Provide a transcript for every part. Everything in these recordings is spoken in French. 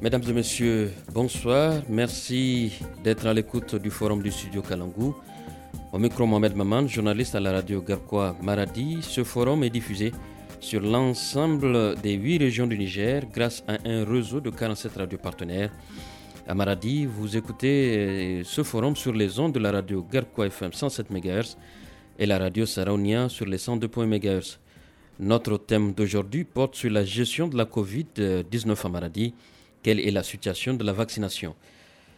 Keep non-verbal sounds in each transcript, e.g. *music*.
Mesdames et messieurs, bonsoir. Merci d'être à l'écoute du forum du studio Kalangou. Au micro, Mohamed Maman, journaliste à la radio Garquois Maradi, ce forum est diffusé sur l'ensemble des huit régions du Niger grâce à un réseau de 47 radios partenaires. À Maradi, vous écoutez euh, ce forum sur les ondes de la radio Garquois FM 107 MHz et la radio Saraunia sur les 102 MHz. Notre thème d'aujourd'hui porte sur la gestion de la COVID-19 à Maradi quelle est la situation de la vaccination.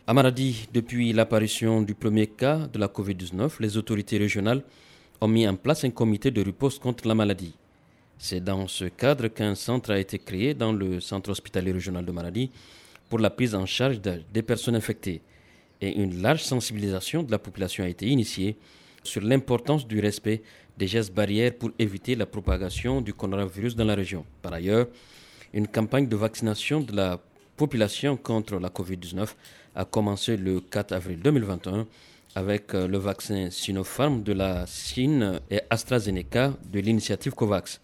À Maradi, depuis l'apparition du premier cas de la COVID-19, les autorités régionales ont mis en place un comité de riposte contre la maladie. C'est dans ce cadre qu'un centre a été créé dans le centre hospitalier régional de Maradi pour la prise en charge des personnes infectées et une large sensibilisation de la population a été initiée sur l'importance du respect des gestes barrières pour éviter la propagation du coronavirus dans la région. Par ailleurs, une campagne de vaccination de la population contre la Covid-19 a commencé le 4 avril 2021 avec euh, le vaccin Sinopharm de la Chine et AstraZeneca de l'initiative COVAX.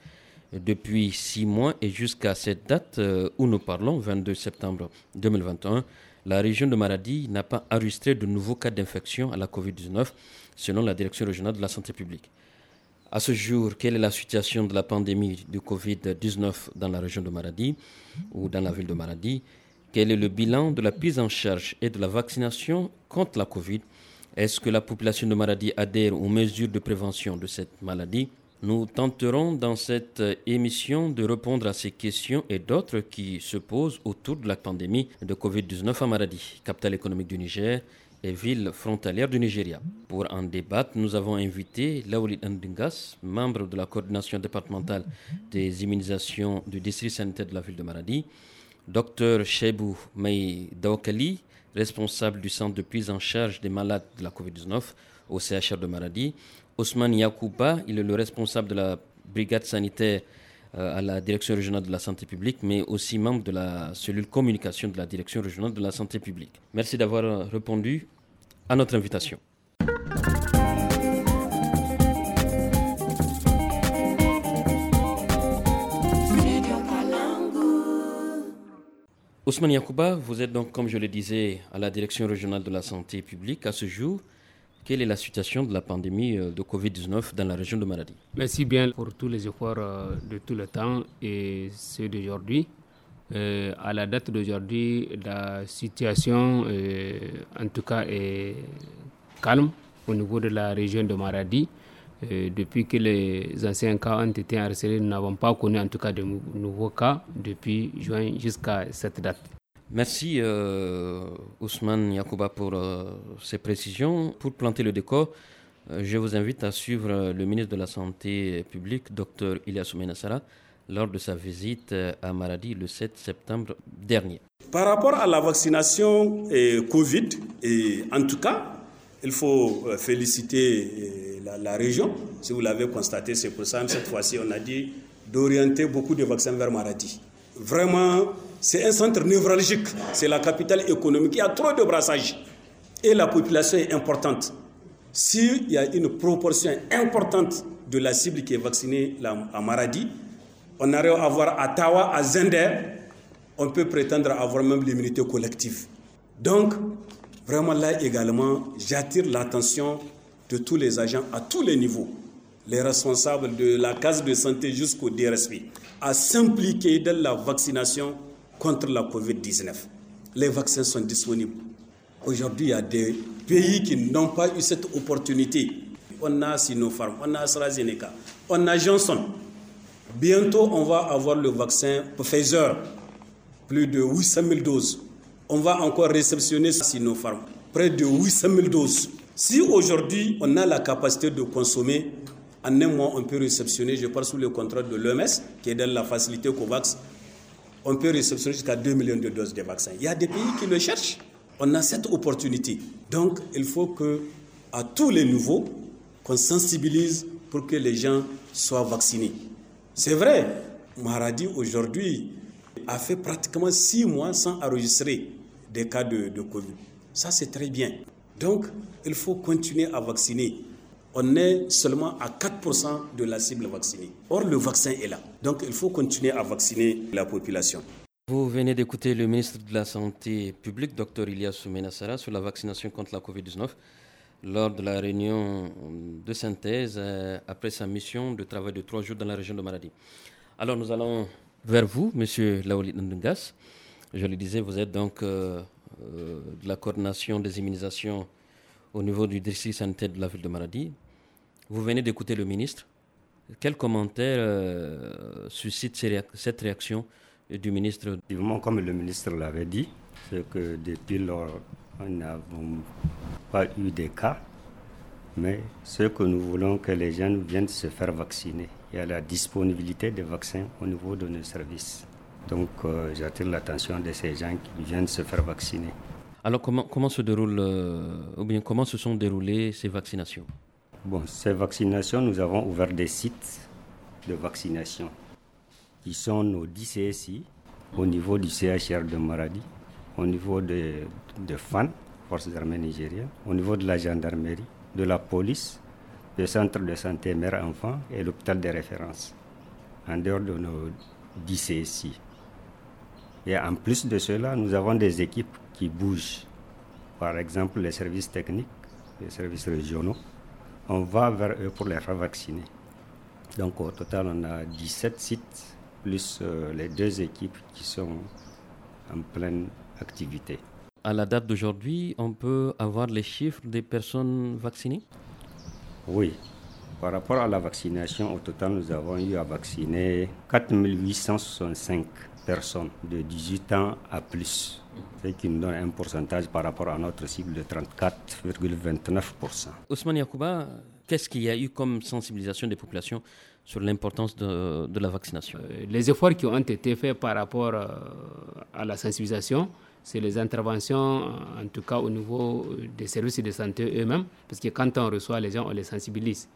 Depuis six mois et jusqu'à cette date euh, où nous parlons, 22 septembre 2021, la région de Maradi n'a pas enregistré de nouveaux cas d'infection à la COVID-19, selon la Direction régionale de la santé publique. À ce jour, quelle est la situation de la pandémie du Covid-19 dans la région de Maradi ou dans la ville de Maradi quel est le bilan de la prise en charge et de la vaccination contre la Covid Est-ce que la population de Maradi adhère aux mesures de prévention de cette maladie Nous tenterons dans cette euh, émission de répondre à ces questions et d'autres qui se posent autour de la pandémie de Covid-19 à Maradi, capitale économique du Niger et ville frontalière du Nigeria. Pour en débattre, nous avons invité Laouli Ndingas, membre de la coordination départementale des immunisations du district sanitaire de la ville de Maradi, Docteur Chebou Mei Daokali, responsable du centre de prise en charge des malades de la COVID-19 au CHR de Maradi. Ousmane Yakouba, il est le responsable de la brigade sanitaire euh, à la direction régionale de la santé publique, mais aussi membre de la cellule communication de la direction régionale de la santé publique. Merci d'avoir euh, répondu à notre invitation. Ousmane Yakouba, vous êtes donc, comme je le disais, à la Direction régionale de la santé publique. À ce jour, quelle est la situation de la pandémie euh, de Covid-19 dans la région de Maradi Merci bien pour tous les efforts euh, de tout le temps et ceux d'aujourd'hui. Euh, à la date d'aujourd'hui, la situation, en tout cas, est calme au niveau de la région de Maradi. Euh, depuis que les anciens cas ont été arrêtés, nous n'avons pas connu en tout cas de nouveaux cas depuis juin jusqu'à cette date. Merci euh, Ousmane Yakouba pour euh, ces précisions. Pour planter le décor, je vous invite à suivre le ministre de la Santé publique, Dr Ilyas Menassara lors de sa visite à Maradi le 7 septembre dernier. Par rapport à la vaccination et Covid, et en tout cas, il faut euh, féliciter euh, la, région. Si vous l'avez constaté, c'est pour ça, cette fois-ci, on a dit d'orienter beaucoup de vaccins vers Maradi. Vraiment, c'est un centre névralgique. C'est la capitale économique. Il y a trop de brassages. Et la population est importante. S'il y a une proportion importante de la cible qui est vaccinée à Maradi, on arrive à avoir à Tawa, à Zender, on peut prétendre avoir même l'immunité collective. Donc, Vraiment là également, j'attire l'attention de tous les agents à tous les niveaux, les responsables de la case de santé jusqu'au DRSP, à s'impliquer dans la vaccination contre la COVID-19. Les vaccins sont disponibles. Aujourd'hui, il y a des pays qui n'ont pas eu cette opportunité. On a Sinopharm, on a AstraZeneca, on a Johnson. Bientôt, on va avoir le vaccin Pfizer, plus de 800 000 doses on va encore réceptionner Sinopharm, près de 800 000 doses. Si aujourd'hui, on a la capacité de consommer, en un mois, on peut réceptionner, je parle sous le contrôle de l'OMS, qui est dans la facilité COVAX, on peut réceptionner jusqu'à 2 millions de doses de vaccins. Il y a des pays qui le cherchent. On a cette opportunité. Donc, il faut que, à tous les niveaux, qu'on sensibilise pour que les gens soient vaccinés. C'est vrai, Maradi aujourd'hui a fait pratiquement six mois sans enregistrer des cas de, Covid. Ça, c'est très bien. Donc, il faut continuer à vacciner. On est seulement à 4% de la cible vaccinée. Or, le vaccin est là. Donc, il faut continuer à vacciner la population. Vous venez d'écouter le ministre de la Santé publique, Dr Ilyas Soumenassara, sur la vaccination contre la Covid-19 lors de la réunion de synthèse euh, après sa mission de travail de trois jours dans la région de Maladie. Alors nous allons vers vous, Monsieur Laoulit Ndungas. Je le disais, vous êtes donc euh, euh, de la coordination des immunisations au niveau du district sanitaire de la ville de Maradi. Vous venez d'écouter le ministre. Quel commentaire euh, suscite cette réaction du ministre Comme le ministre l'avait dit, c'est que depuis lors, nous n'avons pas eu de cas. Mais ce que nous voulons que les jeunes viennent se faire vacciner. Il y a la disponibilité des vaccins au niveau de nos services. Donc euh, j'attire l'attention de ces gens qui viennent se faire vacciner. Alors comment, se déroule, euh, ou bien comment se sont déroulées ces vaccinations Bon, ces vaccinations, nous avons ouvert des sites de vaccination qui sont nos 10 CSI au niveau du CHR de Maradi, au niveau de, de FAN, Forces armées nigériennes, au niveau de la gendarmerie, de la police, le centre de santé mère-enfant et l'hôpital de référence, en dehors de nos 10 CSI. Et en plus de cela, nous avons des équipes qui bougent. Par exemple, les services techniques, les services régionaux, on va vers eux pour les faire vacciner. Donc au total, on a 17 sites, plus euh, les deux équipes qui sont en pleine activité. À la date d'aujourd'hui, on peut avoir les chiffres des personnes vaccinées Oui. Par rapport à la vaccination, au total, nous avons eu à vacciner 4865 personnes de 18 ans à plus, ce qui nous donne un pourcentage par rapport à notre cible de 34,29%. Ousmane Yakouba, qu'est-ce qu'il y a eu comme sensibilisation des populations sur l'importance de, de, la vaccination euh, Les efforts qui ont été faits par rapport euh, à la sensibilisation, c'est les interventions, euh, en tout cas au niveau des services de santé eux-mêmes, parce que quand on reçoit les gens, on les sensibilise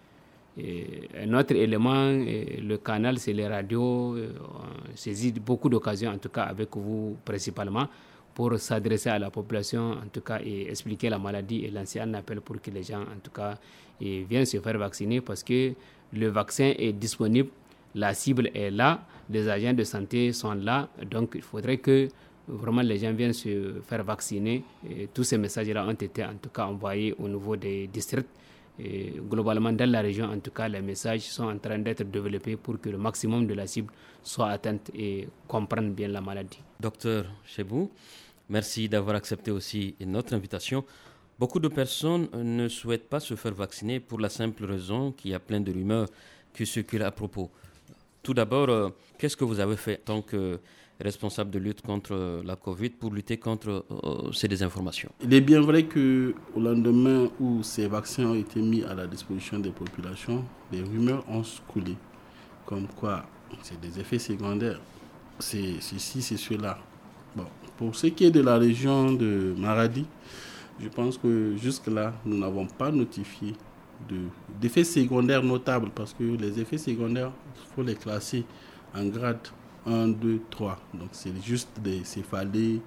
un autre élément, euh, le canal, c'est les radios. Euh, on saisit beaucoup d'occasions, en tout cas avec vous principalement, pour s'adresser à la population, en tout cas, et expliquer la maladie et lancer un appel pour que les gens, en tout cas, viennent se faire vacciner parce que le vaccin est disponible, la cible est là, les agents de santé sont là. Donc, il faudrait que vraiment les gens viennent se faire vacciner. tous ces messages-là ont été, en tout cas, envoyés au niveau des districts et globalement, dans la région, en tout cas, les messages sont en train d'être développés pour que le maximum de la cible soit atteinte et comprenne bien la maladie. Docteur Chebou, merci d'avoir accepté aussi notre invitation. Beaucoup de personnes ne souhaitent pas se faire vacciner pour la simple raison qu'il y a plein de rumeurs qui circulent à propos. Tout d'abord, euh, qu'est-ce que vous avez fait tant que responsable de lutte contre euh, la Covid pour lutter contre euh, euh, ces désinformations. Il est bien vrai que au lendemain où ces vaccins ont été mis à la disposition des populations, les rumeurs ont coulé, comme quoi c'est des effets secondaires, c'est ceci, c'est cela. Bon, pour ce qui est de la région de Maradi, je pense que jusque-là, nous n'avons pas notifié d'effets secondaires notables parce que les effets secondaires, il faut les classer en grade 1, 2, 3. Donc c'est juste des céphalées,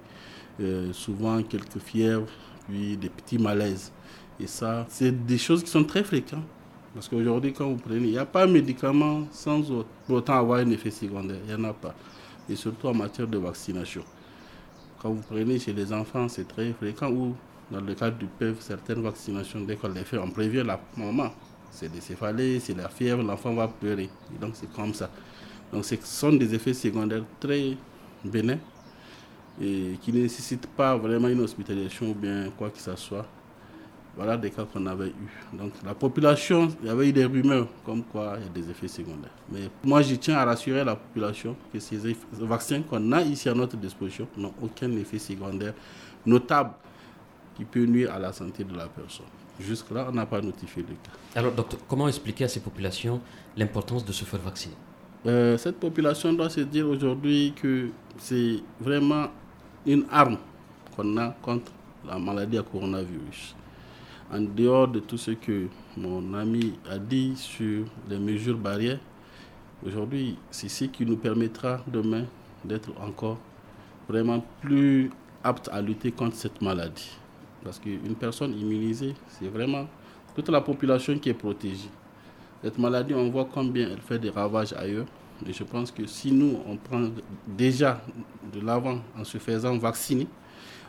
euh, souvent quelques fièvres, puis des petits malaises. Et ça, c'est des choses qui sont très fréquentes. Parce qu'aujourd'hui, quand vous prenez, il n'y a pas de médicament sans pour autant avoir un effet secondaire. Il n'y en a pas. Et surtout en matière de vaccination. Quand vous prenez chez les enfants, c'est très fréquent. Ou dans le cadre du PEV, certaines vaccinations, dès qu'on les fait, on prévient la maman. C'est des céphalées, c'est la fièvre, l'enfant va pleurer. Et donc c'est comme ça. Donc ce sont des effets secondaires très bénins et qui ne nécessitent pas vraiment une hospitalisation ou bien quoi que ce soit. Voilà des cas qu'on avait eu. Donc la population, il y avait eu des rumeurs comme quoi il y a des effets secondaires. Mais moi je tiens à rassurer la population que ces vaccins qu'on a ici à notre disposition n'ont aucun effet secondaire notable qui peut nuire à la santé de la personne. Jusque-là, on n'a pas notifié le cas. Alors, docteur, comment expliquer à ces populations l'importance de se faire vacciner euh, cette population doit se dire aujourd'hui que c'est vraiment une arme qu'on a contre la maladie à coronavirus. En dehors de tout ce que mon ami a dit sur les mesures barrières, aujourd'hui, c'est ce qui nous permettra demain d'être encore vraiment plus aptes à lutter contre cette maladie. Parce qu'une personne immunisée, c'est vraiment toute la population qui est protégée. Cette maladie, on voit combien elle fait des ravages ailleurs. Et je pense que si nous, on prend déjà de l'avant en se faisant vacciner,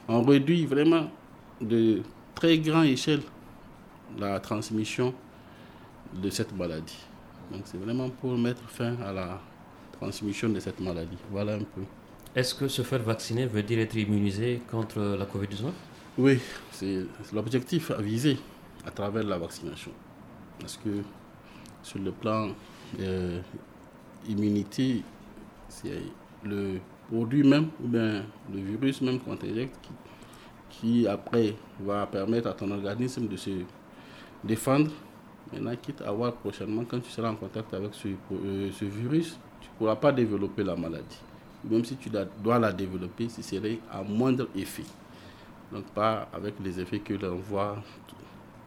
on réduit vraiment de très grande échelle la transmission de cette maladie. Donc c'est vraiment pour mettre fin à la transmission de cette maladie. Voilà un peu. Est-ce que se faire vacciner veut dire être immunisé contre la COVID-19 Oui, c'est l'objectif à viser à travers la vaccination. Parce que sur le plan euh, immunité, c'est le produit même, ou bien le virus même qu'on injecte, qui, après va permettre à ton organisme de se défendre. Maintenant, quitte à voir prochainement, quand tu seras en contact avec ce, euh, virus, tu ne pourras pas développer la maladie. Même si tu dois la développer, ce serait à moindre effet. Donc, pas avec les effets que l'on voit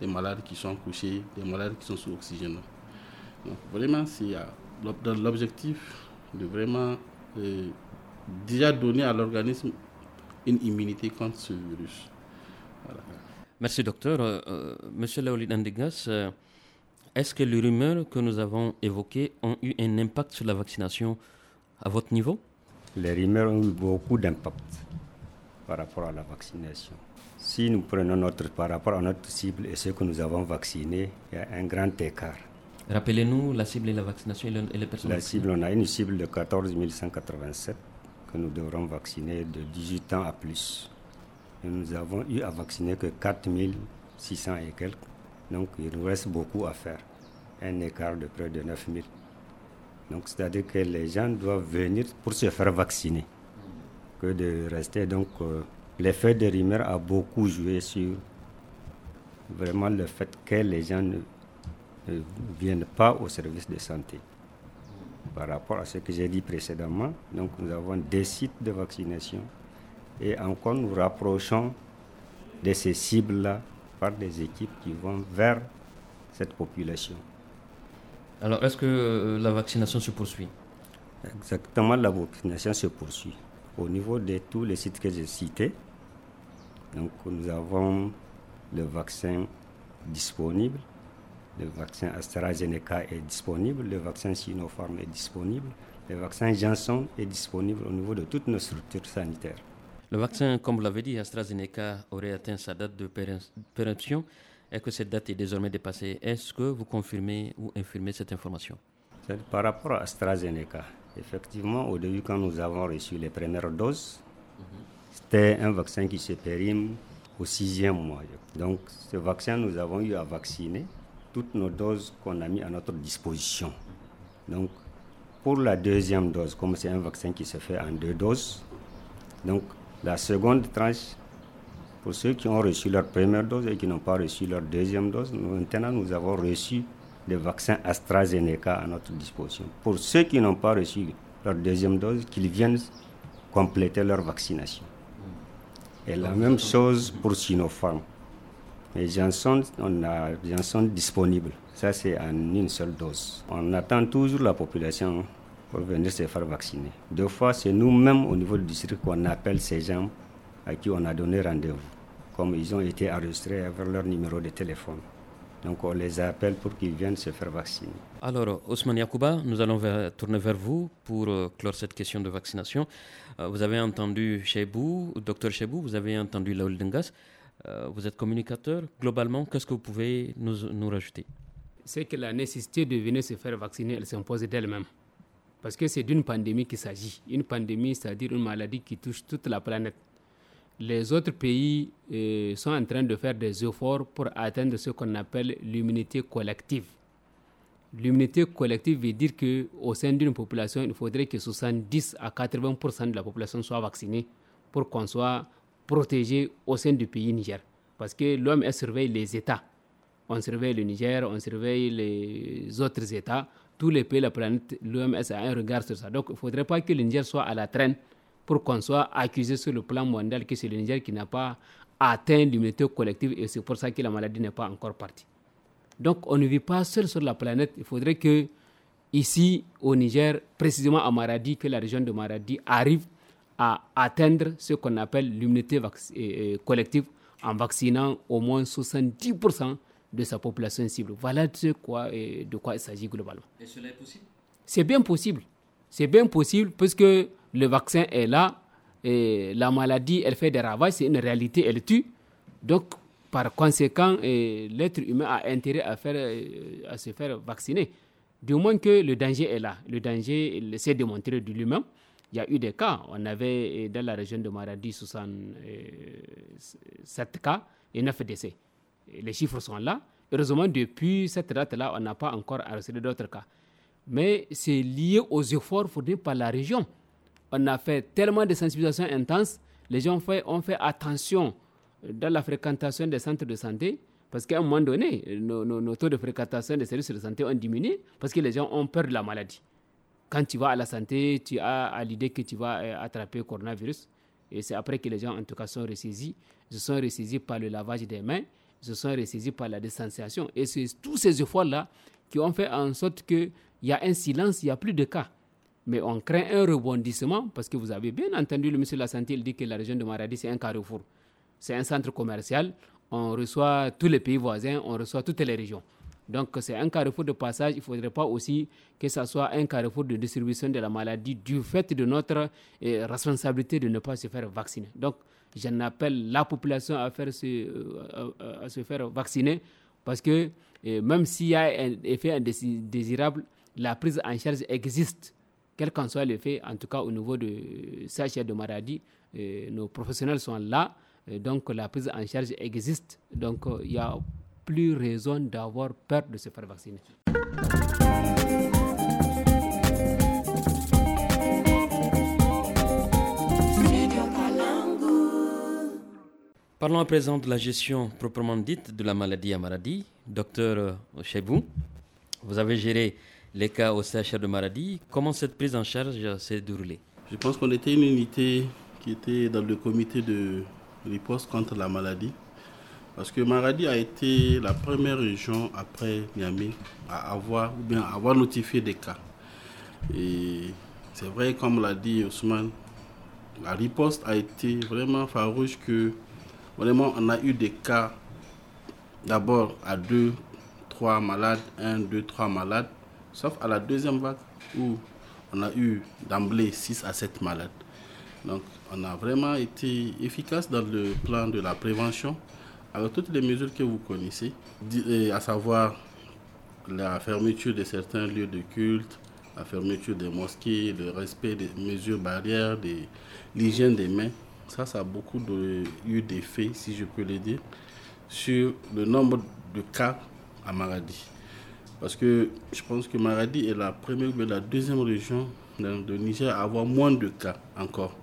des malades qui sont couchés, des malades qui sont sous oxygène vraiment, c'est l'objectif de vraiment euh, déjà donner à l'organisme une immunité contre ce virus. Merci docteur. Euh, euh, monsieur Laolid Degas, est-ce que les rumeurs que nous avons évoquées ont eu un impact sur la vaccination à votre niveau Les rumeurs ont eu beaucoup d'impact par rapport à la vaccination. Si nous prenons notre par rapport à notre cible et ce que nous avons vacciné, il y a un grand écart. Rappelez-nous la cible et la vaccination et, les personnes. La cible, on a une cible de 14 187 que nous devrons vacciner de 18 ans à plus. nous avons eu à vacciner que 4 600 et quelques. Donc il nous reste beaucoup à faire. Un écart de près de 9 000. Donc c'est-à-dire que les gens doivent venir pour se faire vacciner. Que de rester. Donc euh, l'effet de Rimer a beaucoup joué sur vraiment le fait que les gens ne ne euh, viennent pas au service de santé. Par rapport à ce que j'ai dit précédemment, donc nous avons des sites de vaccination et encore nous rapprochons de ces cibles-là par des équipes qui vont vers cette population. Alors, est-ce que euh, la vaccination se poursuit Exactement, la vaccination se poursuit. Au niveau de tous les sites que j'ai cités, donc nous avons le vaccin disponible le vaccin AstraZeneca est disponible, le vaccin Sinopharm est disponible, le vaccin Janssen est disponible au niveau de toutes nos structures sanitaires. Le vaccin, comme vous l'avez dit, AstraZeneca aurait atteint sa date de péremption et que cette date est désormais dépassée. Est-ce que vous confirmez ou infirmez cette information Par rapport à AstraZeneca, effectivement, au début, quand nous avons reçu les premières doses, mhm. c'était un vaccin qui se périme au sixième mois. Donc, ce vaccin, nous avons eu à vacciner toutes nos doses qu'on a mis à notre disposition. Donc, pour la deuxième dose, comme c'est un vaccin qui se fait en deux doses, donc la seconde tranche, pour ceux qui ont reçu leur première dose et qui n'ont pas reçu leur deuxième dose, maintenant nous avons reçu des vaccins AstraZeneca à notre disposition. Pour ceux qui n'ont pas reçu leur deuxième dose, qu'ils viennent compléter leur vaccination. Et la même chose pour Sinopharm. Mais gens sont, on a, sont disponibles. Ça, c'est en une seule dose. On attend toujours la population pour venir se faire vacciner. Deux fois, c'est nous-mêmes au niveau du district qu'on appelle ces gens à qui on a donné rendez-vous, comme ils ont été enregistrés avec leur numéro de téléphone. Donc on les appelle pour qu'ils viennent se faire vacciner. Alors, Ousmane Yakouba, nous allons tourner vers vous pour euh, clore cette question de vaccination. Euh, vous avez entendu Chebou, docteur Chebou, vous avez entendu Laoul Dengas. Euh, vous êtes communicateur. Globalement, qu'est-ce que vous pouvez nous, nous rajouter C'est que la nécessité de venir se faire vacciner, elle s'impose d'elle-même. Parce que c'est d'une pandémie qu'il s'agit. Une pandémie, c'est-à-dire une maladie qui touche toute la planète. Les autres pays euh, sont en train de faire des efforts pour atteindre ce qu'on appelle l'immunité collective. L'immunité collective veut dire qu'au sein d'une population, il faudrait que 70 à 80 de la population soit vaccinée pour qu'on soit protégé au sein du pays Niger. Parce que l'OMS surveille les États. On surveille le Niger, on surveille les autres États. Tous les pays de la planète, l'OMS a un regard sur ça. Donc il ne faudrait pas que le Niger soit à la traîne pour qu'on soit accusé sur le plan mondial que c'est le Niger qui n'a pas atteint l'immunité collective et c'est pour ça que la maladie n'est pas encore partie. Donc on ne vit pas seul sur la planète. Il faudrait que ici au Niger, précisément à Maradi, que la région de Maradi arrive à atteindre ce qu'on appelle l'immunité euh, euh, collective en vaccinant au moins 70% de sa population cible. Voilà de quoi, euh, de quoi il s'agit globalement. Et cela est possible C'est bien possible. C'est bien possible parce que le vaccin est là, et la maladie, elle fait des ravages, c'est une réalité, elle tue. Donc, par conséquent, l'être humain a intérêt à, faire, à se faire vacciner. Du moins que le danger est là. Le danger, s'est démontré de lui-même. Il y a eu des cas. On avait euh, dans la région de Maradi 67 euh, cas et 9 décès. Les chiffres sont là. Heureusement, depuis cette date-là, on n'a pas encore arrêté d'autres cas. Mais c'est lié aux efforts fournis par la région. On a fait tellement de sensibilisation intense, les gens ont fait attention euh, dans la fréquentation des centres de santé, parce qu'à un moment donné, nos, taux de fréquentation des services de santé ont diminué, parce que les gens ont peur de la maladie quand tu vas à la santé, tu as l'idée que tu vas euh, attraper le coronavirus. Et c'est après que les gens, en tout cas, sont ressaisis. Ils sont ressaisis par le lavage des mains, ils sont ressaisis par la distanciation. Et c'est tous ces efforts-là qui ont fait en sorte qu'il y a un silence, il n'y a plus de cas. Mais on craint un rebondissement parce que vous avez bien entendu le monsieur de la Santé, il dit que la région de Maradi, c'est un carrefour. C'est un centre commercial. On reçoit tous les pays voisins, on reçoit toutes les régions. Donc c'est un carrefour de passage. Il ne faudrait pas aussi que ça soit un carrefour de distribution de la maladie du fait de notre eh, responsabilité de ne pas se faire vacciner. Donc j'en appelle la population à, faire se, euh, euh, euh, à, se faire vacciner parce que eh, même s'il y a un effet indésirable, la prise en charge existe, quel qu'en soit l'effet, en tout cas au niveau de CHR de maladie. Eh, nos professionnels sont là, donc la prise en charge existe. Donc il y a plus raison d'avoir peur de se faire vacciner. Parlons à présent de la gestion proprement dite de la maladie à maladie, Docteur Chebou, vous avez géré les cas au CHR de maladie. Comment cette prise en charge s'est déroulée Je pense qu'on était une unité qui était dans le comité de riposte contre la maladie. Parce que Maradi a été la première région après Miami à avoir, ou bien avoir notifié des cas. Et c'est vrai, comme l'a dit Ousmane, la riposte a été vraiment farouche que vraiment on a eu des cas d'abord à deux, trois malades, un, deux, trois malades, sauf à la deuxième vague où on a eu d'emblée 6 à 7 malades. Donc on a vraiment été efficace dans le plan de la prévention. Alors toutes les mesures que vous connaissez, euh, à savoir la fermeture de certains lieux de culte, la fermeture des mosquées, le respect des mesures barrières, de l'hygiène des mains, ça, ça a beaucoup eu d'effet, si je peux le dire, sur le nombre de cas à Maradi. Parce que je pense que Maradi est la première ou la deuxième région de Niger à avoir moins de cas encore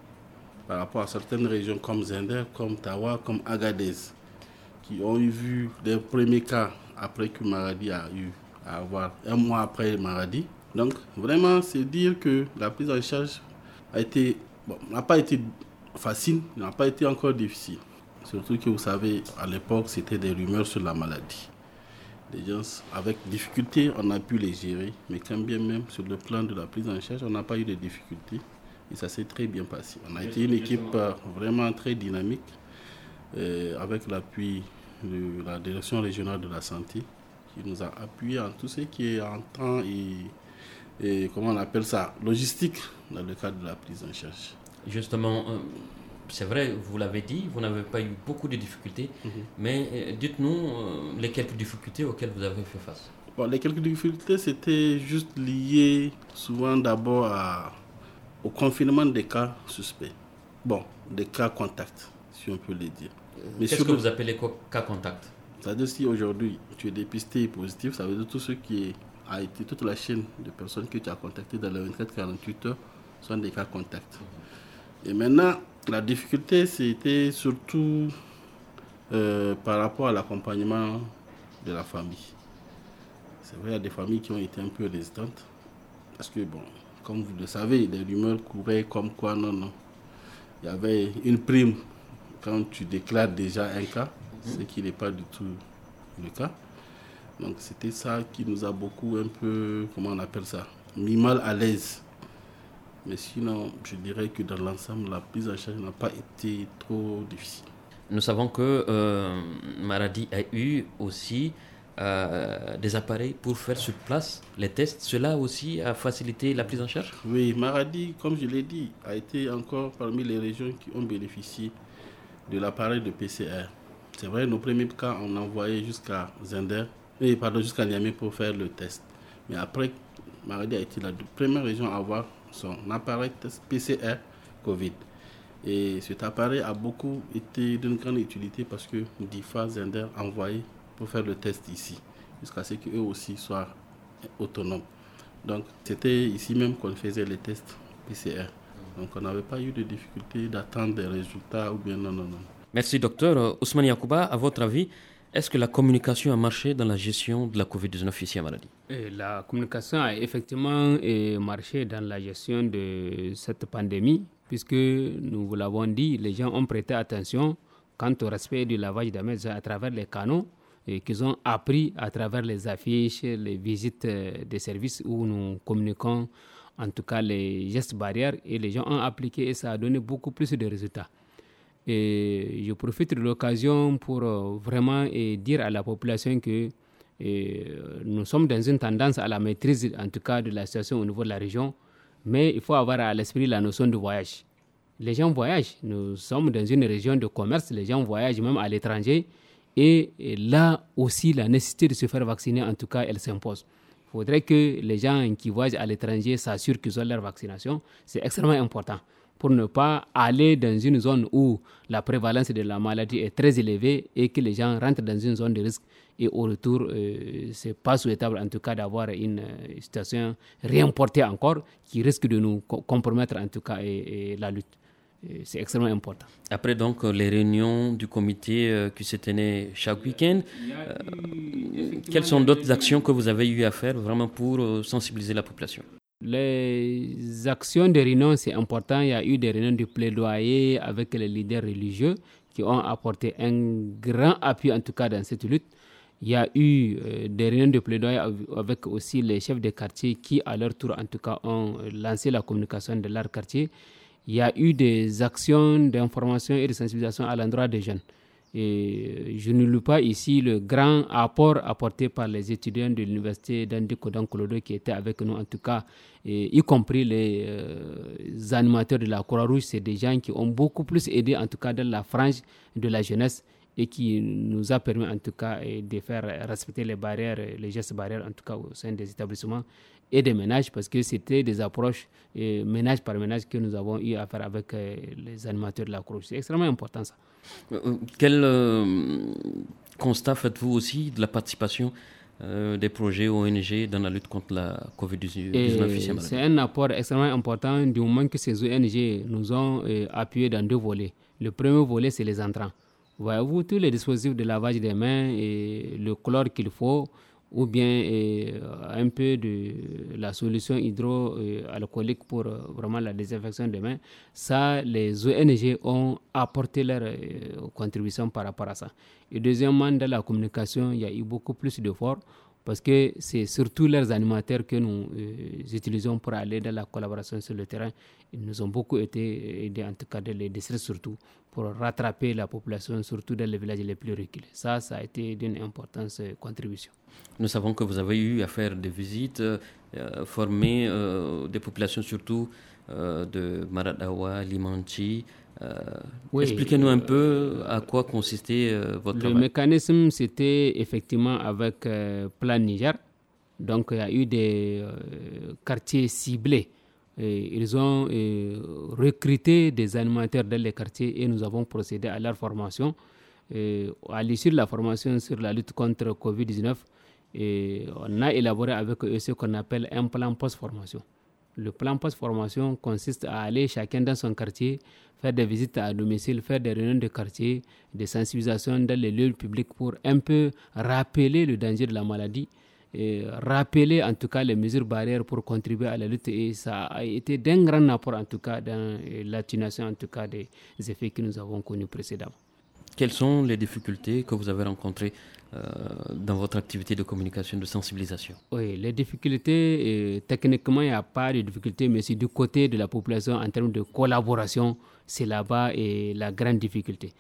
par rapport à certaines régions comme Zender, comme Tawa, comme Agadez qui ont eu vu les premiers cas après que maladie a eu à avoir, un mois après maladie. Donc vraiment, c'est dire que la prise en charge a été, n'a pas été facile, n'a pas été encore difficile. Surtout que vous savez, à l'époque, c'était des rumeurs sur la maladie. Les gens, avec difficulté, on a pu les gérer, mais quand bien même, sur le plan de la prise en charge, on n'a pas eu de difficultés. Et ça s'est très bien passé. On a été une équipe euh, vraiment très dynamique, euh, avec l'appui la Direction régionale de la santé, qui nous a appuyé en tout ce qui est en temps et, comment on appelle ça, logistique dans le cadre de la prise en charge. Justement, euh, c'est vrai, vous l'avez dit, vous n'avez pas eu beaucoup de difficultés, mhm. mais euh, dites-nous euh, les quelques difficultés auxquelles vous avez fait face. Bon, les quelques difficultés, c'était juste lié souvent d'abord au confinement des cas suspects. Bon, des cas contacts, si on peut les dire. Euh, qu'est-ce que vous appelez cas contact C'est-à-dire si aujourd'hui tu es dépisté positif, ça veut dire tout qui a été, toute la chaîne de personnes que tu as contactées dans les 24-48 heures sont des cas contacts. Et maintenant, la difficulté, c'était surtout euh, par rapport à l'accompagnement de la famille. C'est vrai, il y a des familles qui ont été un peu résistantes. Parce que, bon, comme vous le savez, des rumeurs couraient comme quoi, non, non. Il y avait une prime quand tu déclares déjà un cas, ce qui n'est pas du tout le cas. Donc c'était ça qui nous a beaucoup un peu, comment on appelle ça, mis mal à l'aise. Mais sinon, je dirais que dans l'ensemble, la prise en charge n'a pas été trop difficile. Nous savons que euh, Maradi a eu aussi euh, des appareils pour faire sur place les tests. Cela aussi a facilité la prise en charge Oui, Maradi, comme je l'ai dit, a été encore parmi les régions qui ont bénéficié de l'appareil de PCR. C'est vrai, nos premiers cas, on envoyait jusqu'à Zender, et eh, pardon, jusqu'à Niamey pour faire le test. Mais après, Maradi a été la première région à avoir son appareil PCR Covid. Et cet appareil a beaucoup été d'une grande utilité parce que DIFA Zender envoyé pour faire le test ici, jusqu'à ce qu'eux aussi soient autonomes. Donc, c'était ici même qu'on faisait les tests PCR. Donc on n'avait pas eu de difficulté d'attendre des résultats ou bien non, non, non. Merci docteur. Euh, Ousmane Yakouba, à votre avis, est-ce que la communication a marché dans la gestion de la COVID-19 ici à eh, La communication a effectivement eh, marché dans la gestion de cette pandémie, puisque nous vous l'avons dit, les gens ont prêté attention quant au respect du lavage des mains à travers les canaux et qu'ils ont appris à travers les affiches, les visites euh, des services où nous communiquons en tout cas les gestes barrières, et les gens ont appliqué et ça a donné beaucoup plus de résultats. Et je profite de l'occasion pour euh, vraiment dire à la population que euh, nous sommes dans une tendance à la maîtrise, en tout cas, de la situation au niveau de la région, mais il faut avoir à l'esprit la notion de voyage. Les gens voyagent. Nous sommes dans une région de commerce, les gens voyagent même à l'étranger. Et là aussi, la nécessité de se faire vacciner, en tout cas, elle s'impose faudrait que les gens qui voyagent à l'étranger s'assurent qu'ils ont leur vaccination. C'est extrêmement important pour ne pas aller dans une zone où la prévalence de la maladie est très élevée et que les gens rentrent dans une zone de risque. Et au retour, euh, c'est ce n'est pas souhaitable en tout cas d'avoir une euh, situation réimportée encore qui risque de nous compromettre en tout cas et la lutte c'est extrêmement important. Après donc euh, les réunions du comité euh, qui se tenaient chaque week-end, euh, quelles sont d'autres actions que vous avez eu à faire vraiment pour sensibiliser la population Les actions des réunions, c'est important. Il y a eu des réunions de plaidoyer avec les leaders religieux qui ont apporté un grand appui en tout cas dans cette lutte. Il y a eu des réunions de plaidoyer avec aussi les chefs des quartiers qui, à leur tour, en tout cas, ont lancé la communication de leur quartier il y a eu des actions d'information et de sensibilisation à l'endroit des jeunes. Et je ne loue pas ici le grand apport apporté par les étudiants de l'université d'Andekodan Kolodo qui étaient avec nous, en tout cas, et, y compris les, euh, animateurs de la Croix-Rouge. C'est des gens qui ont beaucoup plus aidé, en tout cas, dans la frange de la jeunesse et qui nous a permis, en tout cas, de faire respecter les barrières, les gestes barrières, en tout cas, au sein des établissements et des ménages, parce que c'était des approches ménage par ménage que nous avons eu à faire avec euh, les animateurs de la Croix. C'est extrêmement important ça. Euh, euh, quel constat faites-vous aussi de la participation des projets ONG dans la lutte contre la COVID-19 C'est un apport extrêmement important du moment que ces ONG nous ont appuyés dans deux volets. Le premier volet, c'est les entrants. Voyez-vous, tous les dispositifs de lavage des mains et le chlore qu'il faut, ou bien euh, un peu de la solution hydroalcoolique euh, pour euh, vraiment la désinfection des mains. Ça, les ONG ont apporté leur contribution par rapport à ça. Et deuxièmement, dans la communication, il y a eu beaucoup plus d'efforts parce que c'est surtout leurs animateurs que nous euh, utilisons pour aller dans la collaboration sur le terrain. Ils nous ont beaucoup été aidés, en tout cas dans les districts surtout, pour rattraper la population, surtout dans les villages les plus reculés. Ça, ça a été d'une importance euh, contribution. Nous savons que vous avez eu à faire des visites, euh, former des populations surtout de Maradawa, Limanchi, euh, expliquez-nous un peu à quoi consistait euh, votre le Le mécanisme, c'était effectivement avec euh, Plan Niger. Donc, il y a eu des quartiers ciblés. Et ils ont recruté des animateurs dans les quartiers et nous avons procédé à leur formation. à l'issue de la formation sur la lutte contre Covid-19, on a élaboré avec eux ce qu'on appelle un plan post-formation. Le plan post-formation consiste à aller chacun dans son quartier faire des visites à domicile, faire des réunions de quartier, des sensibilisations dans les lieux publics pour un peu rappeler le danger de la maladie. Et rappeler en tout cas les mesures barrières pour contribuer à la lutte et ça a été d'un grand apport en tout cas dans euh, l'atténuation en tout cas des effets que nous avons connus précédemment. Quelles sont les difficultés que vous avez rencontrées euh, dans votre activité de communication, de sensibilisation Oui, les difficultés, euh, techniquement, il n'y a pas de difficultés, mais c'est du côté de la population en termes de collaboration c'est là-bas et la grande difficulté.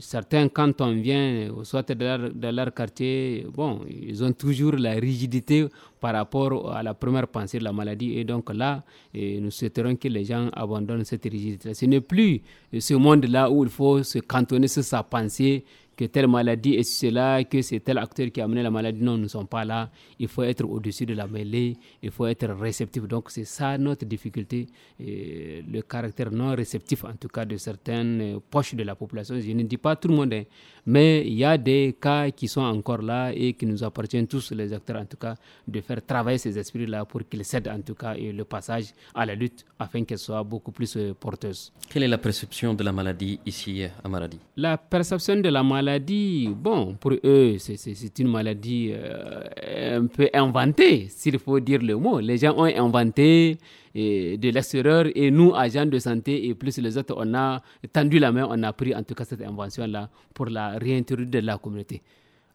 certains, quand on vient, soit de leur, quartier, bon, ils ont toujours la rigidité par rapport à la première pensée de la maladie. Et donc là, et nous souhaiterons que les gens abandonnent cette rigidité. Ce n'est plus ce monde-là où il faut se cantonner sur sa pensée que telle maladie est cela, que c'est tel acteur qui a amené la maladie. Non, nous ne sommes pas là. Il faut être au-dessus de la mêlée, il faut être réceptif. Donc c'est ça notre difficulté, et le caractère non réceptif en tout cas de certaines euh, poches de la population. Je ne dis pas tout le monde est hein. Mais il y a des cas qui sont encore là et qui nous appartiennent tous, les acteurs en tout cas, de faire travailler ces esprits-là pour qu'ils cèdent en tout cas le passage à la lutte afin qu'elle soit beaucoup plus euh, porteuse. Quelle est la perception de la maladie ici à Maradi La perception de la maladie, bon, pour eux, c'est une maladie euh, un peu inventée, s'il faut dire le mot. Les gens ont inventé et de l'assureur et nous, agents de santé et plus les autres, on a tendu la main, on a pris en tout cas cette invention-là pour la réintroduire de la communauté.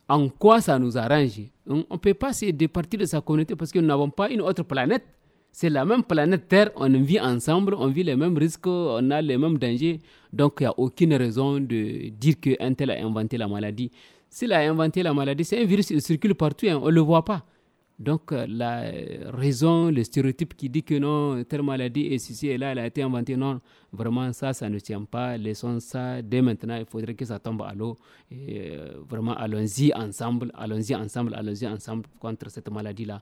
En quoi ça nous arrange On ne peut pas se départir de sa communauté parce que nous n'avons pas une autre planète. C'est la même planète Terre, on vit ensemble, on vit les mêmes risques, on a les mêmes dangers. Donc il n'y a aucune raison de dire qu'un tel a inventé la maladie. S'il a inventé la maladie, c'est un virus, qui circule partout, hein, on ne le voit pas. Donc euh, la raison, le stéréotype qui dit que non, telle maladie est ici et là, elle a été inventée, non, vraiment ça, ça ne tient pas. Laissons ça dès maintenant, il faudrait que ça tombe à l'eau. Euh, vraiment, allons-y ensemble, allons-y ensemble, allons-y ensemble contre cette maladie-là.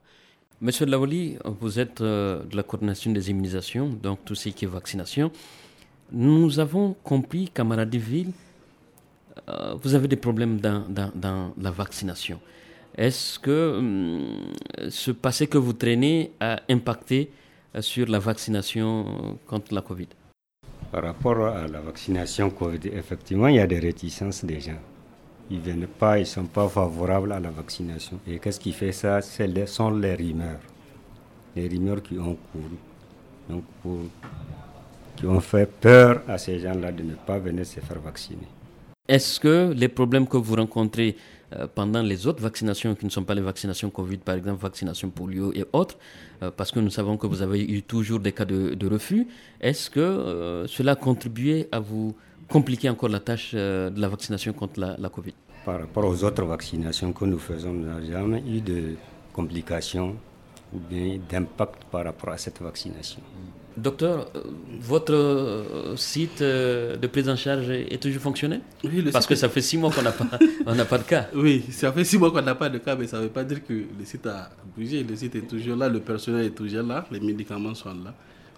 Monsieur Lavoli, vous êtes euh, de la coordination des immunisations, donc tout ce qui est vaccination. Nous avons compris qu'à ville, vous avez des problèmes dans, dans la vaccination. Est-ce que hum, ce passé que vous traînez a impacté euh, sur la vaccination euh, contre la Covid Par rapport à la vaccination Covid, effectivement, il y a des réticences des gens. Ils ne viennent pas, ils ne sont pas favorables à la vaccination. Et qu'est-ce qui fait ça Ce sont les rumeurs. Les rumeurs qui ont couru. Donc pour, qui ont fait peur à ces gens-là de ne pas venir se faire vacciner. Est-ce que les problèmes que vous rencontrez euh, pendant les autres vaccinations qui ne sont pas les vaccinations Covid, par exemple vaccination polio et autres, euh, parce que nous savons que vous avez eu toujours des cas de, refus. Est-ce que euh, cela a contribué à vous compliquer encore la tâche de la vaccination contre la, la Covid Par rapport aux autres vaccinations que nous faisons, nous n'avons jamais eu de complications ou bien d'impact par rapport à cette vaccination. Docteur, euh, votre euh, site euh, de prise en charge est toujours fonctionné oui, le Parce que ça fait six mois qu'on n'a pas, *laughs* pas de cas. Oui, ça fait six mois qu'on n'a pas de cas, mais ça ne veut pas dire que le site a bougé. Le site est toujours là, le personnel est toujours là, les médicaments sont là.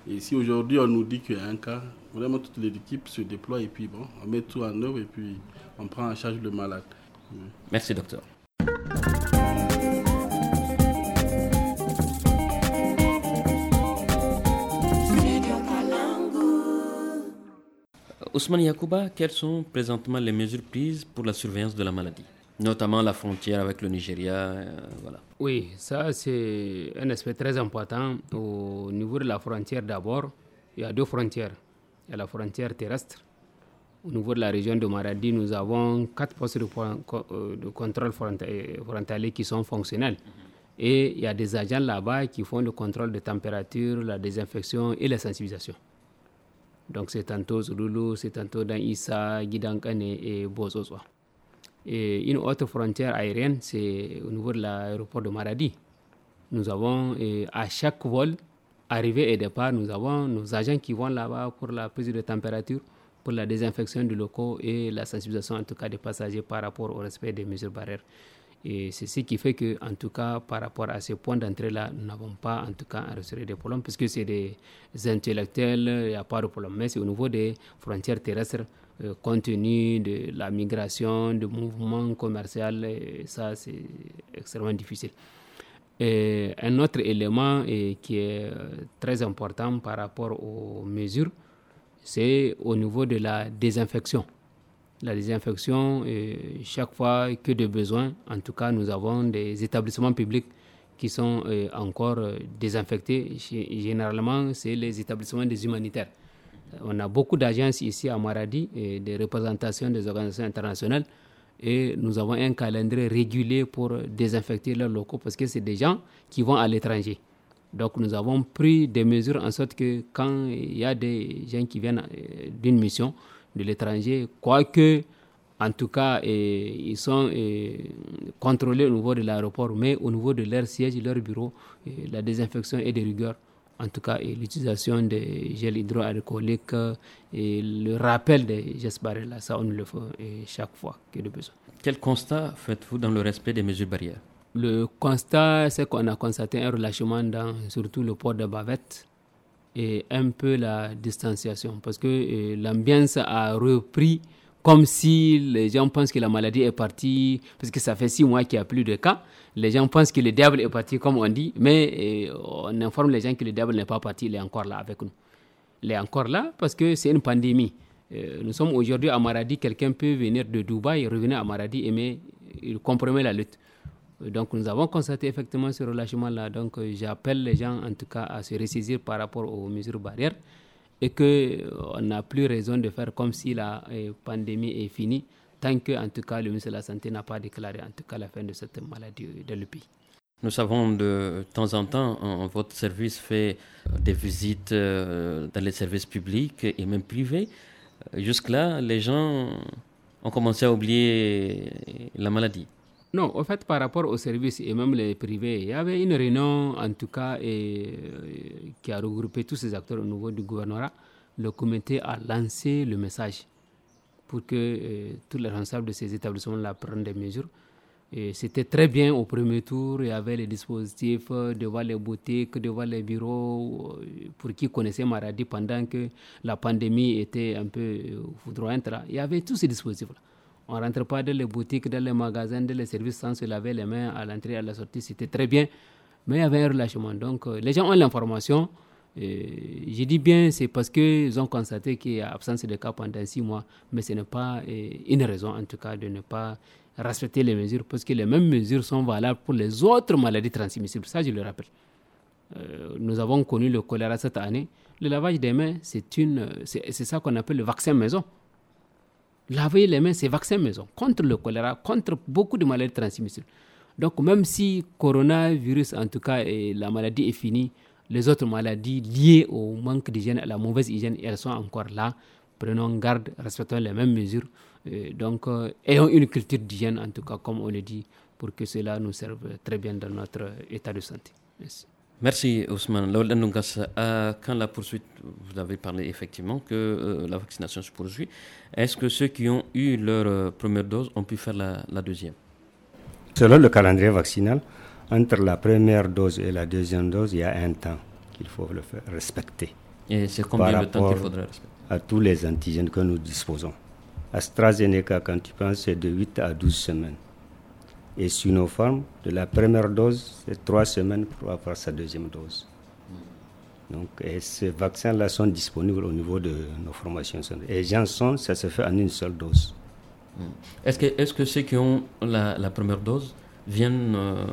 Et si aujourd'hui on nous dit qu'il y a un cas, vraiment toute l'équipe se déploie et puis bon, on met tout en œuvre et puis on prend en charge le malade. Merci docteur. Ousmane Yakuba, quelles sont présentement les mesures prises pour la surveillance de la maladie notamment la frontière avec le Nigeria. Euh, oui, ça c'est un aspect très important. Au niveau de la frontière d'abord, il y a deux frontières. Il y a la frontière terrestre. Au niveau de la région de Maradi, nous avons quatre postes de euh, contrôle euh, frontalier qui sont fonctionnels. Et il y a des agents là-bas qui font le contrôle de température, la désinfection et la sensibilisation donc c'est tantôt Zululu, c'est tantôt dans Issa, Gidankane et Bozozoa. Et une autre frontière aérienne, c'est au niveau de l'aéroport de Maradi. Nous avons, à chaque vol, arrivée et départ, nous avons nos agents qui vont là-bas pour la prise de température, pour la désinfection du locaux et la sensibilisation en tout cas des passagers par rapport au respect des mesures barrières. Et c'est ce qui fait que, en tout cas, par rapport à ces points d'entrée-là, nous n'avons pas, en tout cas, enregistré des problèmes, parce que c'est des intellectuels, il n'y a pas de problème. Mais c'est au niveau des frontières terrestres, euh, compte tenu de la migration, du mouvement commercial, ça, c'est extrêmement difficile. un autre élément et qui est euh, très important par rapport aux mesures, c'est au niveau de la désinfection la désinfection, chaque fois que des besoins. en tout cas, nous avons des établissements publics qui sont euh, encore euh, désinfectés. Généralement, c'est les établissements des humanitaires. On a beaucoup d'agences ici à Maradi, et des représentations des organisations internationales, et nous avons un calendrier régulier pour désinfecter leurs locaux parce que c'est des gens qui vont à l'étranger. Donc nous avons pris des mesures en sorte que quand il y a des gens qui viennent euh, d'une mission, de l'étranger, quoique, en tout cas, ils sont contrôlés au niveau de l'aéroport, mais au niveau de leur siège, leur bureau, la désinfection est de rigueur. En tout cas, l'utilisation des gels hydroalcooliques et le rappel des gestes barrières, ça, on le fait chaque fois qu'il y a besoin. Quel constat faites-vous dans le respect des mesures barrières Le constat, c'est qu'on a constaté un relâchement dans surtout le port de bavette et un peu la distanciation parce que euh, l'ambiance a repris comme si les gens pensent que la maladie est partie, parce que ça fait six mois qu'il n'y a plus de cas. Les gens pensent que le diable est parti, comme on dit, mais euh, on informe les gens que le diable n'est pas parti, il est encore là avec nous. Il est encore là parce que c'est une pandémie. Euh, nous sommes aujourd'hui à Maradi, quelqu'un peut venir de Dubaï, revenir à Maradi, et mais il compromet la lutte. Euh, donc nous avons constaté effectivement ce relâchement-là. Donc euh, j'appelle les gens en tout cas à se ressaisir par rapport aux mesures barrières et qu'on euh, n'a plus raison de faire comme si la pandémie est finie tant que en tout cas le ministre de la Santé n'a pas déclaré en tout cas la fin de cette maladie dans le pays. Nous savons de temps en temps, votre service fait des visites dans les services publics et même privés. Jusque-là, les gens ont commencé à oublier la maladie. Non, en fait, par rapport aux services et même les privés, il y avait une réunion, en tout cas, et, euh, qui a regroupé tous ces acteurs au niveau du gouvernorat. Le comité a lancé le message pour que euh, tous les responsables de ces établissements la prennent des mesures. c'était très bien au premier tour. Il y avait les dispositifs devant les boutiques, devant les bureaux, euh, pour qui connaissait Maradi pendant que la pandémie était un peu foudroyante. Il y avait tous ces dispositifs-là. On ne rentre pas dans les boutiques, dans les magasins, dans les services sans se laver les mains à l'entrée à la sortie. C'était très bien. Mais il y avait un relâchement. Donc, euh, les gens ont l'information. je dis bien, c'est parce qu'ils ont constaté qu'il y a absence de cas pendant six mois. Mais ce n'est pas euh, une raison, en tout cas, de ne pas respecter les mesures, parce que les mêmes mesures sont valables pour les autres maladies transmissibles. Ça, je le rappelle. Euh, nous avons connu le choléra cette année. Le lavage des mains, c'est ça qu'on appelle le vaccin maison laver les mains, c'est vaccin maison contre le choléra, contre beaucoup de maladies transmissibles. Donc, même si coronavirus, en tout cas, et la maladie est finie, les autres maladies liées au manque d'hygiène, à la mauvaise hygiène, elles sont encore là. Prenons garde, respectons les mêmes mesures. donc, euh, ayons une culture d'hygiène, en tout cas, comme on le dit, pour que cela nous serve très bien dans notre état de santé. Merci. Merci Ousmane. Euh, quand la poursuite, vous avez parlé effectivement que euh, la vaccination se poursuit. Est-ce que ceux qui ont eu leur euh, première dose ont pu faire la, deuxième Selon le calendrier vaccinal, entre la première dose et la deuxième dose, il y a un temps qu'il faut le faire respecter. Et c'est combien de temps qu'il faudrait respecter À tous les antigènes que nous disposons. AstraZeneca, quand tu penses, c'est de 8 à 12 semaines et formes, de la première dose, c'est trois semaines pour avoir sa deuxième dose. Donc, ces vaccins-là sont disponibles au niveau de nos formations. Et Janssen, ça se fait en une seule dose. Hmm. Est-ce que, est-ce que ceux qui ont la, première dose viennent euh,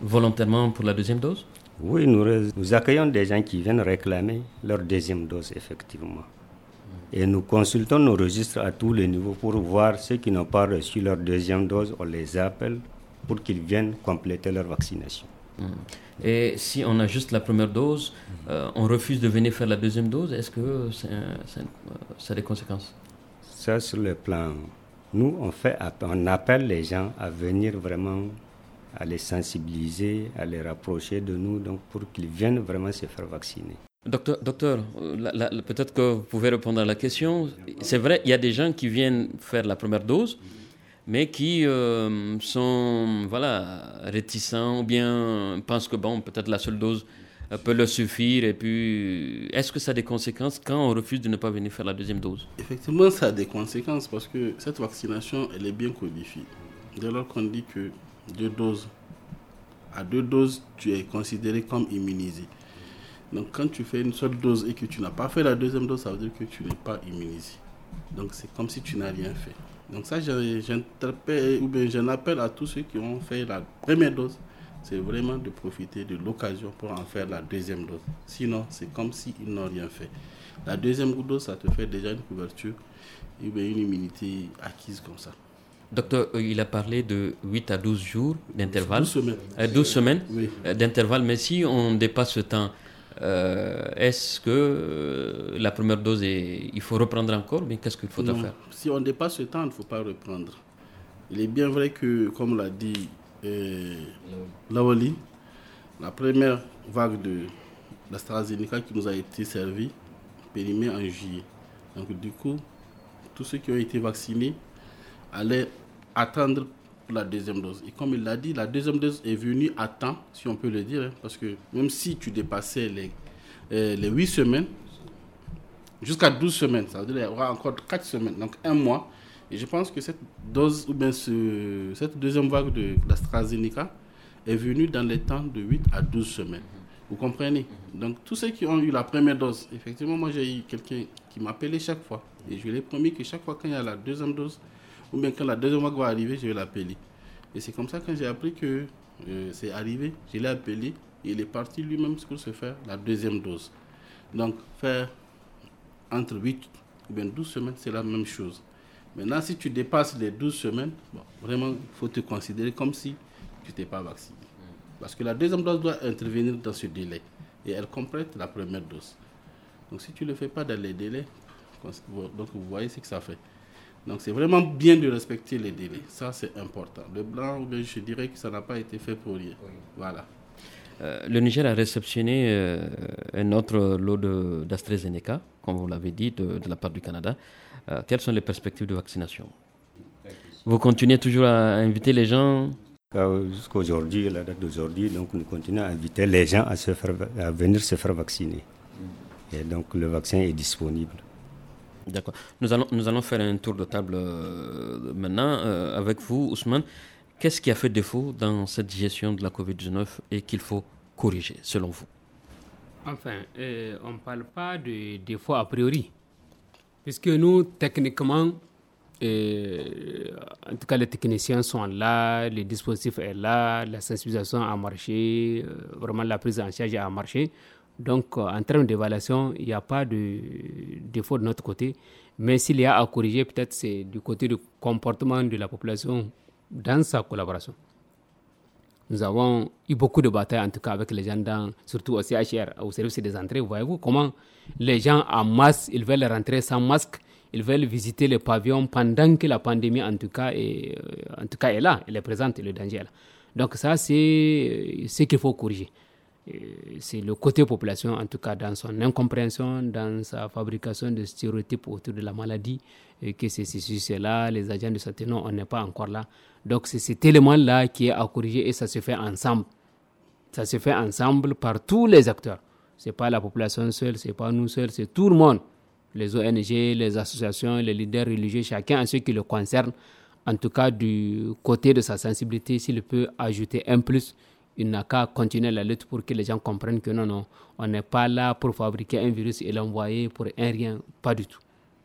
volontairement pour la deuxième dose Oui, nous, nous, accueillons des gens qui viennent réclamer leur deuxième dose, effectivement. Hmm. Et nous consultons nos registres à tous les niveaux pour voir ceux qui n'ont pas reçu leur deuxième dose. On les appelle, pour qu'ils viennent compléter leur vaccination. Hmm. Et si on a juste la première dose, euh, on refuse de venir faire la deuxième dose, est-ce que euh, ça a des conséquences Ça, sur le plan. Nous, on, fait, on appelle les gens à venir vraiment, à les sensibiliser, à les rapprocher de nous, donc pour qu'ils viennent vraiment se faire vacciner. Docteur, docteur peut-être que vous pouvez répondre à la question. C'est vrai, il y a des gens qui viennent faire la première dose mais qui euh, sont voilà, réticents ou bien pensent que bon, peut-être la seule dose euh, peut leur suffire. Et puis, est-ce que ça a des conséquences quand on refuse de ne pas venir faire la deuxième dose Effectivement, ça a des conséquences parce que cette vaccination, elle est bien codifiée. Dès lors qu'on dit que deux doses, à deux doses, tu es considéré comme immunisé. Donc, quand tu fais une seule dose et que tu n'as pas fait la deuxième dose, ça veut dire que tu n'es pas immunisé. Donc, c'est comme si tu n'as rien fait. Donc ça, j'interpelle ou bien j'en à tous ceux qui ont fait la première dose, c'est vraiment de profiter de l'occasion pour en faire la deuxième dose. Sinon, c'est comme s'ils n'ont rien fait. La deuxième dose, ça te fait déjà une couverture, et bien une immunité acquise comme ça. Docteur, euh, il a parlé de 8 à 12 jours d'intervalle. 12 semaines. 12 euh, semaines d'intervalle, mais si on dépasse ce temps, euh, est-ce que euh, la première dose, est, il faut reprendre encore Mais qu'est-ce qu'il faut faire Si on dépasse ce temps, il ne faut pas reprendre. Il est bien vrai que, comme l'a dit euh, laoline la première vague de l'AstraZeneca qui nous a été servie périmée en juillet. Donc, du coup, tous ceux qui ont été vaccinés allaient attendre la deuxième dose. Et comme il l'a dit, la deuxième dose est venue à temps, si on peut le dire, hein, parce que même si tu dépassais les, euh, les 8 semaines, jusqu'à 12 semaines, ça veut dire qu'il y aura encore 4 semaines, donc un mois. Et je pense que cette dose, ou bien ce, cette deuxième vague de, est venue dans les temps de 8 à 12 semaines. Vous comprenez Donc, tous ceux qui ont eu la première dose, effectivement, moi j'ai eu quelqu'un qui m'appelait chaque fois. Et je lui ai promis que chaque fois qu'il y a la deuxième dose, ou bien quand la deuxième vague va arriver, je vais l'appeler. Et c'est comme ça que j'ai appris que euh, c'est arrivé, je l'ai appelé, et il est parti lui-même pour se faire la deuxième dose. Donc faire entre 8 ou 12 semaines, c'est la même chose. Maintenant, si tu dépasses les 12 semaines, vraiment, il faut te considérer comme si tu n'étais pas vacciné. Parce que la deuxième dose doit intervenir dans ce délai et elle complète la première dose. Donc si tu ne le fais pas dans les délais, donc vous voyez ce que ça fait. Donc c'est vraiment bien de respecter les délais. Ça, c'est important. Le blanc, ben, je dirais que ça n'a pas été fait pour rien. Voilà. Euh, le Niger a réceptionné euh, un autre lot d'AstraZeneca, comme vous l'avez dit, de, la part du Canada. Euh, quelles sont les perspectives de vaccination Vous continuez toujours à inviter les gens Jusqu'à aujourd'hui, la date d'aujourd'hui, donc nous continuons à inviter les gens à, se faire, à venir se faire vacciner. Et donc le vaccin est disponible. D'accord. Nous allons, nous allons faire un tour de table euh, maintenant euh, avec vous, Ousmane. Qu'est-ce qui a fait défaut dans cette gestion de la COVID-19 et qu'il faut corriger, selon vous Enfin, euh, on ne parle pas de défaut a priori, puisque nous, techniquement, en tout cas, les techniciens sont là, les dispositifs est là, la sensibilisation a marché, vraiment la prise en charge a marché. Donc, euh, en termes d'évaluation, il n'y a pas de défaut de notre côté. Mais s'il y a à corriger, peut-être c'est du côté du comportement de la population dans sa collaboration. Nous avons eu beaucoup de batailles, en tout cas avec les gens, dans, surtout au CHR, au service des entrées. Voyez-vous comment les gens en masse, ils veulent rentrer sans masque, ils veulent visiter les pavillons pendant que la pandémie, en tout cas, est, euh, en tout cas, est là, elle est présente le danger est là. Donc ça, c'est euh, ce qu'il faut corriger c'est le côté population, en tout cas dans son incompréhension, dans sa fabrication de stéréotypes autour de la maladie, et que c'est ceci, cela, les agents de santé, non, on n'est pas encore là. Donc c'est cet élément-là qui est à corriger et ça se fait ensemble. Ça se fait ensemble par tous les acteurs. C'est pas la population seule, c'est pas nous seuls, c'est tout le monde. Les ONG, les associations, les leaders religieux, chacun en ce qui le concerne, en tout cas du côté de sa sensibilité, s'il peut ajouter un plus il n'a qu'à continuer la lutte pour que les gens comprennent que non, non, on n'est pas là pour fabriquer un virus et l'envoyer pour un rien, pas du tout.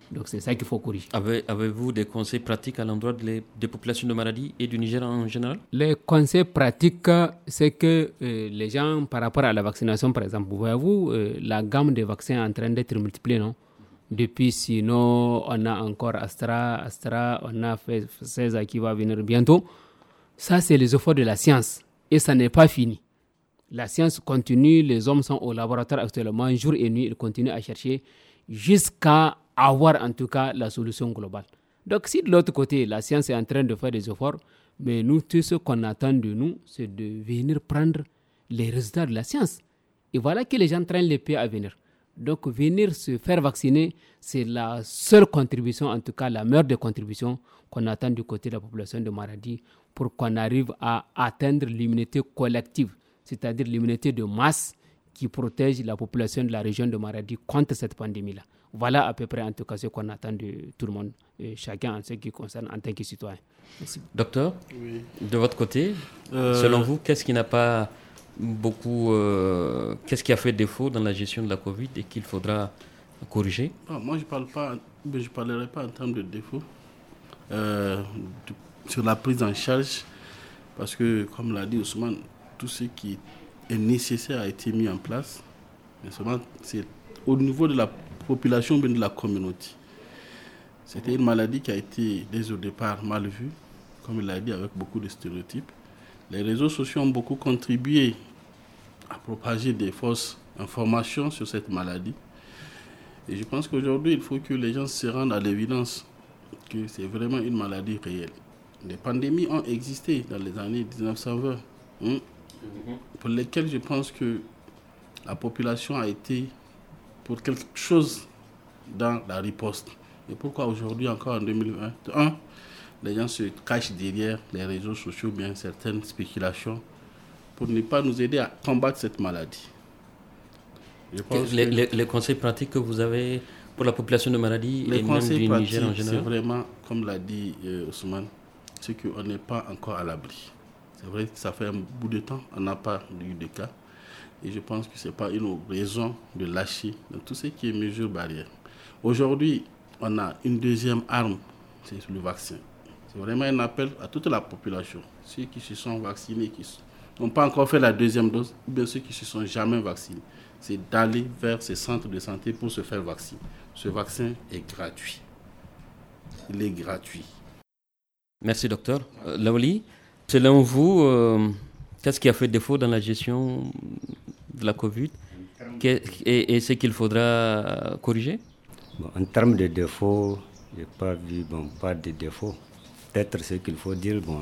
Donc c'est ça qu'il faut corriger. Avez-vous des conseils pratiques à l'endroit des, populations de maladies et du Niger en général Les conseils pratiques, c'est que euh, les gens, par rapport à la vaccination, par exemple, voyez-vous, euh, la gamme des vaccins est en train d'être multipliée, non depuis sinon, on a encore Astra, Astra, on a fait 16 qui va venir bientôt. Ça, c'est les efforts de la science. Et ça n'est pas fini. La science continue, les hommes sont au laboratoire actuellement, jour et nuit, ils continuent à chercher jusqu'à avoir en tout cas la solution globale. Donc si de l'autre côté, la science est en train de faire des efforts, mais nous, tout ce qu'on attend de nous, c'est de venir prendre les résultats de la science. Et voilà que les gens traînent les pieds à venir. Donc venir se faire vacciner, c'est la seule contribution, en tout cas la meilleure des contributions qu'on attend du côté de la population de Maradi pour qu'on arrive à atteindre l'immunité collective, c'est-à-dire l'immunité de masse qui protège la population de la région de Maradi contre cette pandémie-là. Voilà à peu près en tout cas ce qu'on attend de tout le monde, chacun en ce qui concerne en tant que citoyen. Docteur, de votre côté, euh, selon vous, qu'est-ce qui n'a pas beaucoup, euh, qu'est-ce qui a fait défaut dans la gestion de la Covid et qu'il faudra corriger ah, Moi, je ne parle pas, ben, je parlerai pas en termes de défaut. Euh, sur la prise en charge, parce que, comme l'a dit Ousmane, tout ce qui est nécessaire a été mis en place, mais seulement c'est au niveau de la population, mais de la communauté. C'était une maladie qui a été, dès au départ, mal vue, comme il l'a dit, avec beaucoup de stéréotypes. Les réseaux sociaux ont beaucoup contribué à propager des fausses informations sur cette maladie. Et je pense qu'aujourd'hui, il faut que les gens se rendent à l'évidence que c'est vraiment une maladie réelle des pandémies ont existé dans les années 1920, hein, pour lesquelles je pense que la population a été pour quelque chose dans la riposte. Et pourquoi aujourd'hui, encore en 2021, les gens se cachent derrière les réseaux sociaux, bien certaines spéculations, pour ne pas nous aider à combattre cette maladie. les, conseils pratiques que vous avez pour la population de maladie les et même du C'est vraiment, comme l'a dit euh, Ousmane, c'est qu'on n'est pas encore à l'abri. C'est vrai que ça fait un bout de temps, on n'a pas eu de cas. Et je pense que ce n'est pas une raison de lâcher dans tout ce qui est mesure barrières. Aujourd'hui, on a une deuxième arme, c'est le vaccin. C'est vraiment un appel à toute la population, ceux qui se sont vaccinés, qui n'ont pas encore fait la deuxième dose, ou bien ceux qui ne se sont jamais vaccinés, c'est d'aller vers ces centres de santé pour se faire vacciner. Ce vaccin est gratuit. Il est gratuit. Merci, docteur. Euh, Laoli, selon vous, euh, qu'est-ce qui a fait défaut dans la gestion de la COVID et, ce qu'il faudra euh, corriger En termes de défauts, je n'ai pas vu bon, pas de défauts. Peut-être ce qu'il faut dire, bon,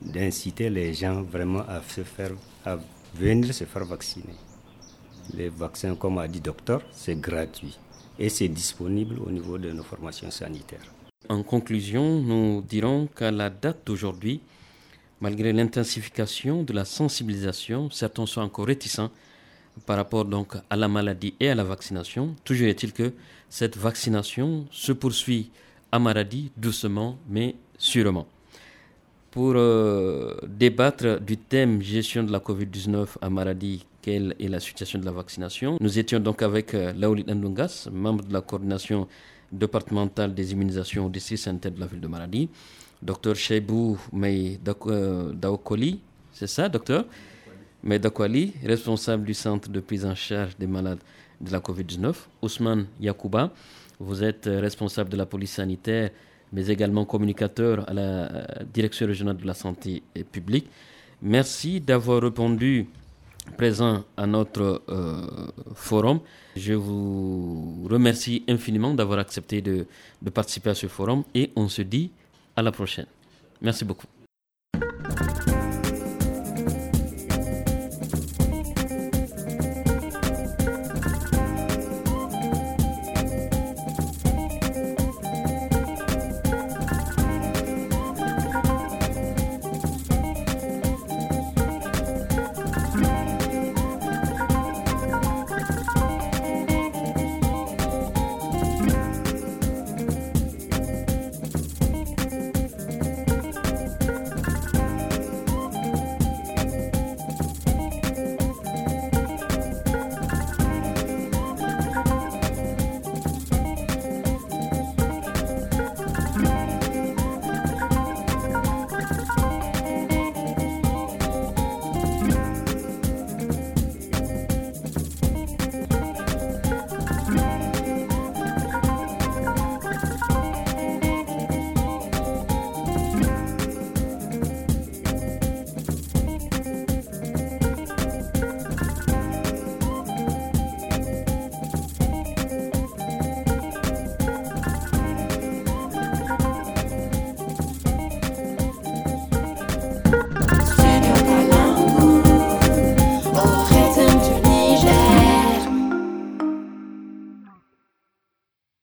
d'inciter les gens vraiment à, se faire, à venir se faire vacciner. Les vaccins, comme a dit docteur, c'est gratuit et c'est disponible au niveau de nos formations sanitaires. En conclusion, nous dirons qu'à la date d'aujourd'hui, malgré l'intensification de la sensibilisation, certains sont encore réticents par rapport donc à la maladie et à la vaccination. Toujours est-il que cette vaccination se poursuit à maladie doucement mais sûrement. Pour euh, débattre du thème gestion de la COVID-19 à maladie, quelle est la situation de la vaccination, nous étions donc avec euh, Ndungas, membre de la coordination départemental des immunisations au district sanitaire de la ville de Maradi. Docteur Cheibou Mei euh, Daokoli, c'est ça, docteur May responsable du centre de prise en charge des malades de la COVID-19. Ousmane Yakouba, vous êtes euh, responsable de la police sanitaire, mais également communicateur à la euh, direction régionale de la santé publique. Merci d'avoir répondu présent à notre euh, forum. Je vous remercie infiniment d'avoir accepté de, de participer à ce forum et on se dit à la prochaine. Merci beaucoup.